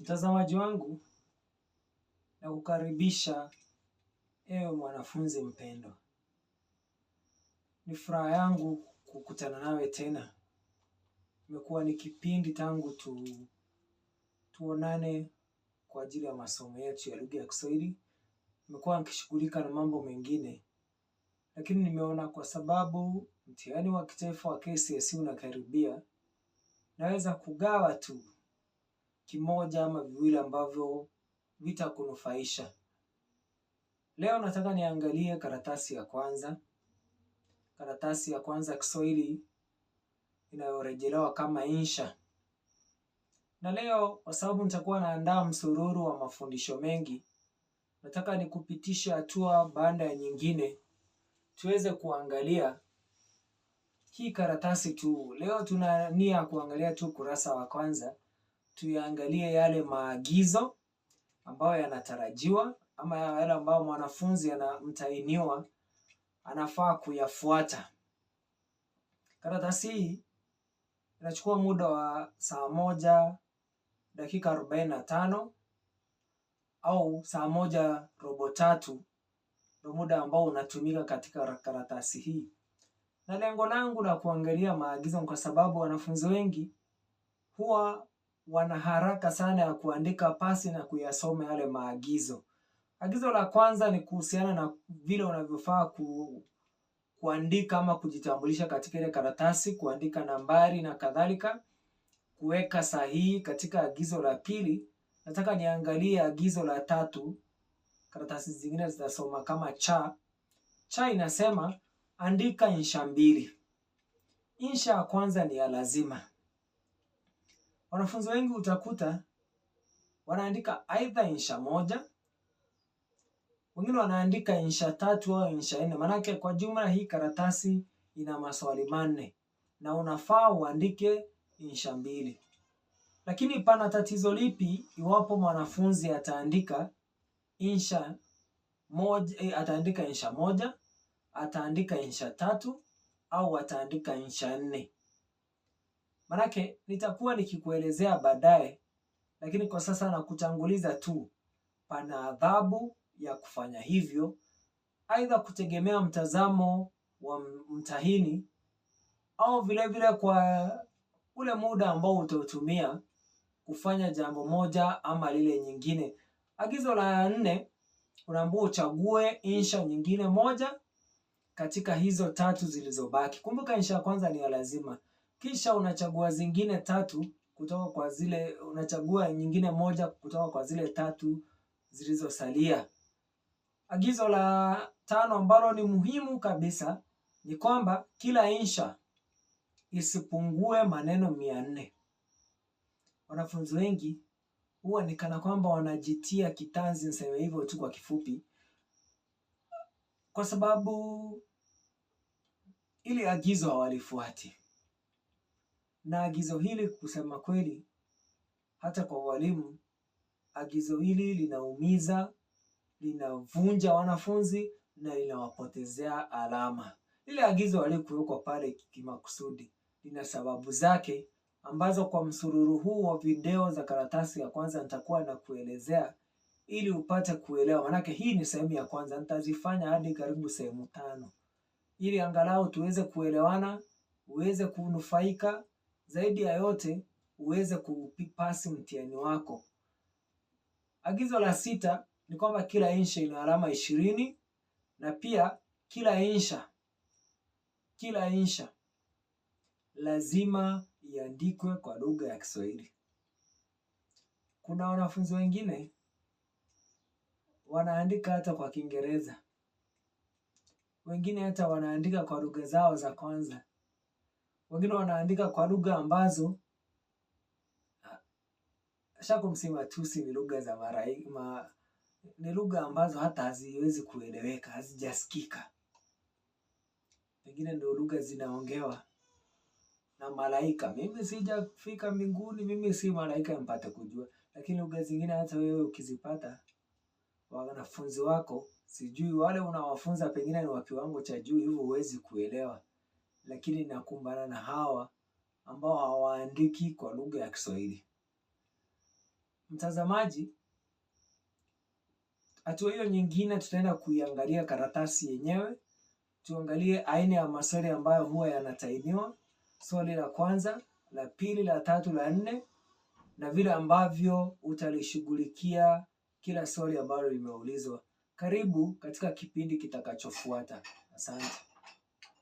Mtazamaji wangu na kukaribisha ewe mwanafunzi mpendwa, ni furaha yangu kukutana nawe tena. Imekuwa ni kipindi tangu tu, tuonane kwa ajili ya masomo yetu ya lugha ya Kiswahili. Nimekuwa nikishughulika na mambo mengine, lakini nimeona kwa sababu mtihani wa kitaifa wa KCSE unakaribia, naweza kugawa tu kimoja ama viwili ambavyo vitakunufaisha. Leo nataka niangalie karatasi ya kwanza. Karatasi ya kwanza ya Kiswahili inayorejelewa kama insha, na leo kwa sababu nitakuwa naandaa msururu wa mafundisho mengi, nataka nikupitishe hatua baada ya nyingine, tuweze kuangalia hii karatasi tu. Leo tuna nia kuangalia tu kurasa wa kwanza tuyaangalie yale maagizo ambayo yanatarajiwa ama yale ambayo mwanafunzi anamtainiwa anafaa kuyafuata. Karatasi hii inachukua muda wa saa moja dakika arobaini na tano au saa moja robo tatu ndio muda ambao unatumika katika karatasi hii, na lengo langu la kuangalia maagizo kwa sababu wanafunzi wengi huwa wana haraka sana ya kuandika pasi na kuyasoma yale maagizo. Agizo la kwanza ni kuhusiana na vile unavyofaa ku, kuandika ama kujitambulisha katika ile karatasi, kuandika nambari na kadhalika, kuweka sahihi. Katika agizo la pili, nataka niangalie agizo la tatu. Karatasi zingine zitasoma kama cha cha, inasema andika insha mbili. Insha ya kwanza ni ya lazima Wanafunzi wengi utakuta wanaandika aidha insha moja, wengine wanaandika insha tatu au insha nne. Maanake kwa jumla hii karatasi ina maswali manne na unafaa uandike insha mbili. Lakini pana tatizo lipi iwapo mwanafunzi ataandika insha moja, eh, ataandika insha moja, ataandika insha tatu au ataandika insha nne? Manake nitakuwa nikikuelezea baadaye, lakini kwa sasa nakutanguliza tu, pana adhabu ya kufanya hivyo, aidha kutegemea mtazamo wa mtahini au vilevile vile kwa ule muda ambao utautumia kufanya jambo moja ama lile nyingine. Agizo la nne unaambiwa uchague insha nyingine moja katika hizo tatu zilizobaki. Kumbuka insha ya kwanza ni ya lazima kisha unachagua zingine tatu kutoka kwa zile, unachagua nyingine moja kutoka kwa zile tatu zilizosalia. Agizo la tano ambalo ni muhimu kabisa ni kwamba kila insha isipungue maneno mia nne. Wanafunzi wengi huwa ni kana kwamba wanajitia kitanzi, niseme hivyo tu kwa kifupi, kwa sababu ili agizo hawalifuati. Na agizo hili kusema kweli, hata kwa walimu, agizo hili linaumiza, linavunja wanafunzi na linawapotezea alama. Lile agizo alikuwekwa pale kimakusudi lina sababu zake ambazo kwa msururu huu wa video za karatasi ya kwanza nitakuwa na kuelezea ili upate kuelewa, manake hii ni sehemu ya kwanza, nitazifanya hadi karibu sehemu tano, ili angalau tuweze kuelewana, uweze kunufaika zaidi ya yote uweze kupasi mtihani wako. Agizo la sita ni kwamba kila insha ina alama ishirini na pia kila insha kila insha lazima iandikwe kwa lugha ya Kiswahili. Kuna wanafunzi wengine wanaandika hata kwa Kiingereza, wengine hata wanaandika kwa lugha zao za kwanza wengine wanaandika kwa lugha ambazo shako tusi ni lugha za marai, ma, ni lugha ambazo hata haziwezi kueleweka, hazijasikika. Pengine ndio lugha zinaongewa na malaika. Mimi sijafika mbinguni, mimi si malaika mpate kujua, lakini lugha zingine hata wewe ukizipata, wanafunzi wako sijui wale unawafunza pengine ni wa kiwango cha juu, hivyo huwezi kuelewa lakini nakumbana na hawa ambao hawaandiki kwa lugha ya Kiswahili. Mtazamaji, hatua hiyo nyingine tutaenda kuiangalia karatasi yenyewe, tuangalie aina ya maswali ambayo huwa yanatainiwa, swali la kwanza, la pili, la tatu, la nne na vile ambavyo utalishughulikia kila swali ambalo limeulizwa. Karibu katika kipindi kitakachofuata. Asante.